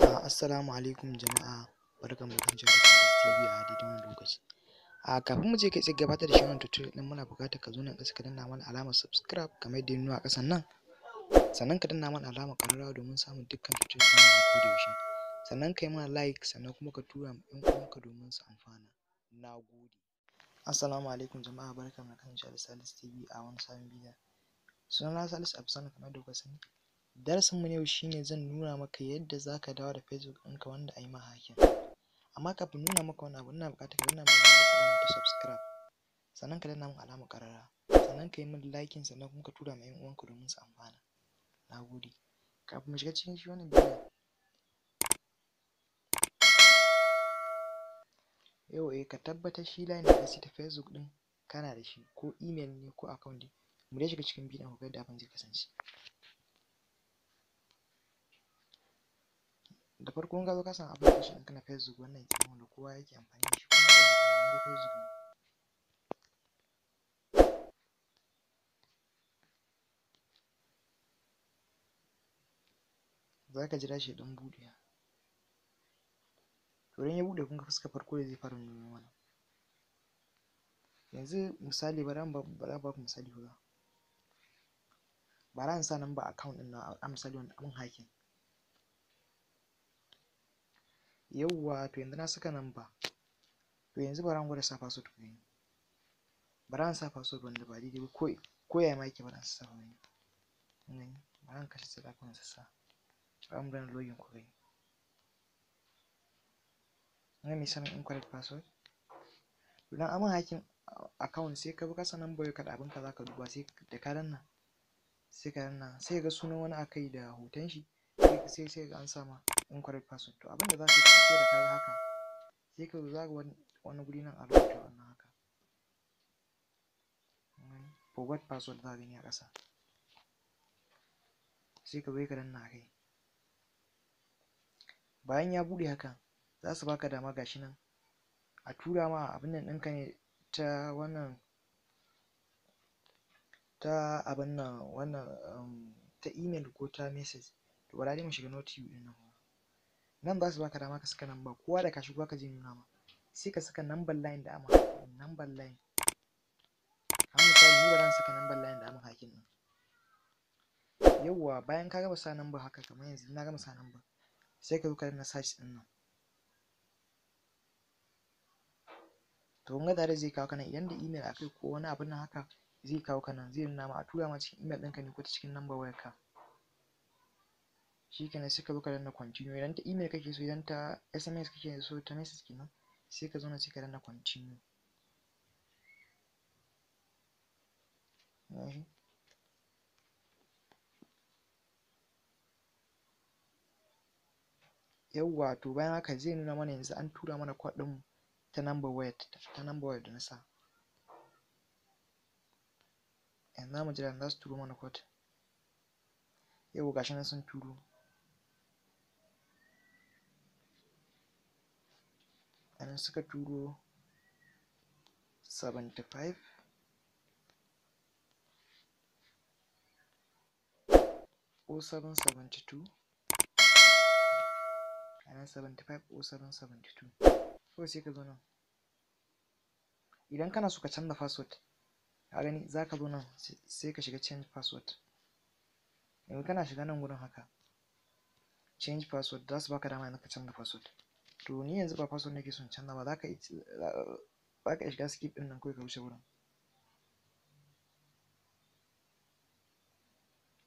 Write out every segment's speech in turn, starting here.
Ah, assalamu alaikum jama'a barkanmu da jin TV a daidai wannan lokaci. A ah, kafin mu je kai tsaye gabatar da shirin tutu din muna buƙatar ka zo nan ƙasa ka danna mana alamar subscribe kamar yadda nuna a ƙasan nan. Sannan ka danna mana alamar ƙararrawa domin samun dukkan tutu din mu ko da yaushe. Sannan ka yi mana like sannan kuma ka tura ma ƴan uwanka domin su amfana. Na gode. Assalamu alaikum jama'a barkanmu da kasancewa Salisu TV a wani sabon bidiyo. Sunana Salisu Abdulsalam kamar yadda kuka sani. Darasin mu yau shine zan nuna maka yadda za ka dawo da Facebook ɗinka wanda ayi ma hakin. Amma kafin nuna maka wani abu ina buƙatar ka danna mun alamar ta subscribe sannan ka danna mun alamar karara sannan ka yi min liking sannan kuma ka tura ma ƴan uwanka domin su amfana. Na gode. Kafin mu shiga cikin shi wannan bidiyon yau eh ka tabbatar shi line address ta Facebook ɗin kana da shi ko email ne ko account ne mu dai shiga cikin bidiyon ku ga yadda abin zai kasance. da farko in ka zo ka san application ɗinka na facebook wannan kenan da kowa yake amfani da shi kuma da amfani da facebook ne za ka jira shi ɗan buɗe to idan ya buɗe kun ga fuskar farko da zai fara nuna mana yanzu misali bara mu ba ku misali ba Ba in sa nan ba account ɗin na a misali wanda abin hakin yawwa to yanzu na saka ba to yanzu bara gwada sa password ku gani bara an sa password wanda ba daidai ba ko ko yaya ma yake bara an sa ba gani gani bara an kashe sa da kun sa bara mu gani login ku gani na ne sanin incorrect password idan amin hakin account sai ka bi kasa number ka da abin ka zaka duba sai da ka danna sai ka danna sai ga sunan wani akai da hoton shi sai sai ga an ma incorrect password to abinda za ka yi da kaga haka sai ka za ka wani guri nan a rubuta wannan haka forward password za ka yi a ƙasa sai ka zo ka danna kai bayan ya buɗe haka za su baka dama gashi nan a tura ma abin nan ɗinka ne ta wannan ta abin nan wannan um, ta email ko ta message to bara dai mu shiga notification ɗin nan nan za su baka dama ka saka namba kowa da ka shigo ka je nuna ma sai ka saka number line da amma number line har misali ni ba zan saka number line da amma hakin nan yawwa bayan ka gama sa number haka kamar yanzu na gama sa number sai ka zo ka na search din nan to in ga tare zai kawo ka nan idan da email akai ko wani abin nan haka zai kawo ka nan zai nuna ma a tura ma cikin email ɗinka ne ko ta cikin number wayarka shi kenan sai ka zo ka danna continue idan ta email kake so idan ta sms kake so ta message kenan sai ka zauna sai ka danna continue yawwa to bayan haka zai nuna mana yanzu an tura mana kwad ta number wire ta number wire da na sa yanzu za mu jira za su turo mana kwad yau gashi nan sun turo anan suka turo 75 0772 anan 75 0772 kawai sai ka zo nan idan kana so ka canza password ka gani za ka zo nan sai ka shiga change password yanzu kana shiga nan wurin haka change password za su baka dama yanzu ka canza password to ni yanzu ba password nake son canza ba za ka za shiga skip ɗin nan kawai ka wuce wurin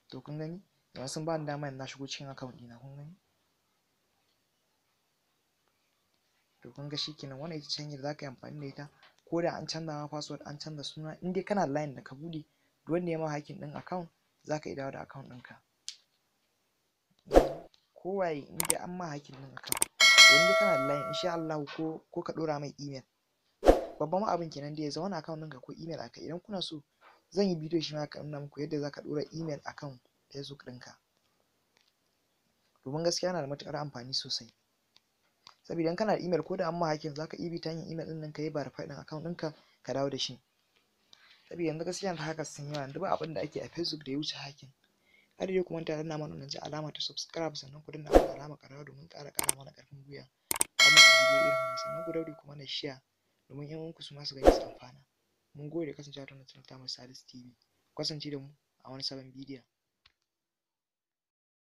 to kun gani yanzu sun ba ni dama yanzu na shigo cikin account dina kun gani to kun ga shikenan wannan ita canji da za ka yi amfani da ita ko da an canza ma password an canza suna in dai kana line da ka buɗe duk wanda ya ma hakin ɗin account za ka iya dawo da account ɗinka kowaye in dai an ma hakin ɗin account don kana da layin insha Allah ko ko ka dora mai email babban ma abin kenan da ya zauna account ɗinka ko email aka idan kuna so zan yi bidiyo shi ma ka nuna muku yadda zaka dora email akan Facebook ɗinka domin gaskiya yana da matukar amfani sosai saboda idan kana da email ko da amma hakin zaka ibi ta hanyar email ɗin ka yi da faɗin account ɗinka ka dawo da shi saboda yanzu gaskiya da haka sun yawa yanzu ba abin da ake a Facebook da ya wuce hakin har yau kuma tare danna mana wannan alama ta subscribe sannan ku dinga mana alama ƙararrawa domin ƙara ƙara mana ƙarfin gwiwa kuma a irin wannan sannan ku daure kuma na share domin ƴan uwanku su ma su gani su amfana mun gode kasancewa ta wannan channel ta Salis TV kasance da mu a wani sabon bidiyo.